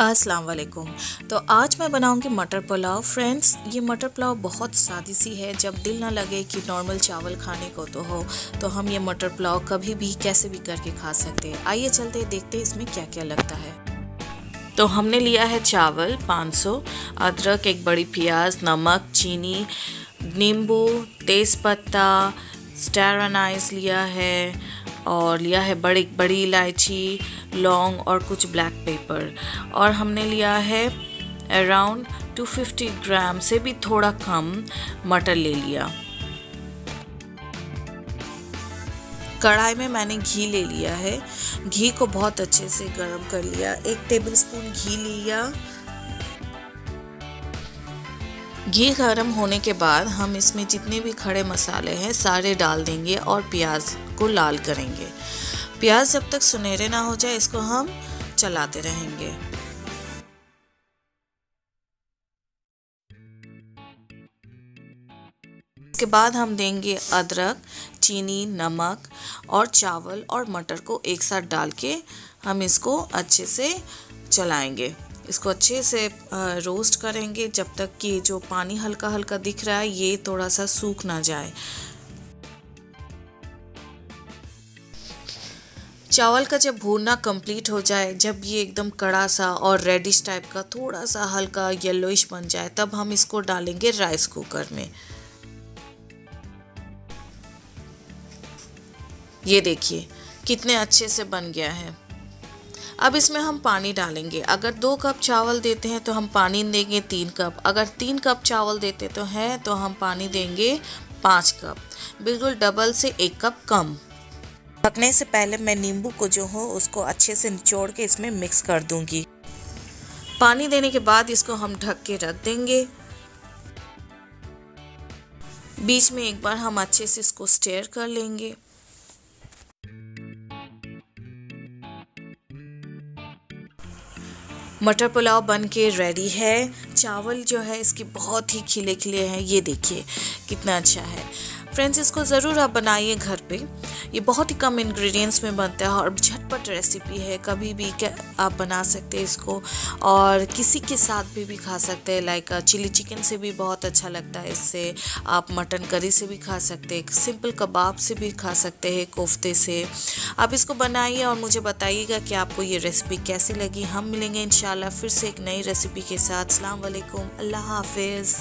अस्सलाम वालेकुम तो आज मैं बनाऊंगी मटर पुलाव फ्रेंड्स ये मटर पुलाव बहुत सादी सी है जब दिल ना लगे कि नॉर्मल चावल खाने को तो हो तो हम ये मटर पुलाव कभी भी कैसे भी करके खा सकते हैं आइए चलते हैं देखते हैं इसमें क्या क्या लगता है तो हमने लिया है चावल 500 अदरक एक बड़ी प्याज नमक चीनी नींबू तेज़पत्ता स्टारानाइज लिया है और लिया है बड़ी बड़ी इलायची लॉन्ग और कुछ ब्लैक पेपर और हमने लिया है अराउंड 250 ग्राम से भी थोड़ा कम मटर ले लिया कढ़ाई में मैंने घी ले लिया है घी को बहुत अच्छे से गर्म कर लिया एक टेबल स्पून घी लिया घी गर्म होने के बाद हम इसमें जितने भी खड़े मसाले हैं सारे डाल देंगे और प्याज को लाल करेंगे प्याज जब तक सुनहरे ना हो जाए इसको हम चलाते रहेंगे इसके बाद हम देंगे अदरक चीनी नमक और चावल और मटर को एक साथ डाल के हम इसको अच्छे से चलाएंगे इसको अच्छे से रोस्ट करेंगे जब तक कि जो पानी हल्का हल्का दिख रहा है ये थोड़ा सा सूख ना जाए चावल का जब भूनना कंप्लीट हो जाए जब ये एकदम कड़ा सा और रेडिश टाइप का थोड़ा सा हल्का येलोइश बन जाए तब हम इसको डालेंगे राइस कुकर में ये देखिए कितने अच्छे से बन गया है अब इसमें हम पानी डालेंगे अगर दो कप चावल देते हैं तो हम पानी देंगे तीन कप अगर तीन कप चावल देते तो हैं तो हम पानी देंगे पाँच कप बिल्कुल डबल से एक कप कम पकने से पहले मैं नींबू को जो हो उसको अच्छे से निचोड़ के इसमें मिक्स कर दूंगी पानी देने के बाद इसको हम ढक के रख देंगे बीच में एक बार हम अच्छे से इसको स्टेयर कर लेंगे मटर पुलाव बन के रेडी है चावल जो है इसके बहुत ही खिले खिले हैं ये देखिए कितना अच्छा है फ्रेंड्स इसको ज़रूर आप बनाइए घर पे ये बहुत ही कम इंग्रेडिएंट्स में बनता है और झटपट रेसिपी है कभी भी आप बना सकते हैं इसको और किसी के साथ भी भी खा सकते हैं लाइक चिली चिकन से भी बहुत अच्छा लगता है इससे आप मटन करी से भी खा सकते हैं सिंपल कबाब से भी खा सकते हैं कोफ्ते से आप इसको बनाइए और मुझे बताइएगा कि आपको ये रेसिपी कैसी लगी हम मिलेंगे इन फिर से एक नई रेसिपी के साथ अल्लाम अल्लाह हाफिज़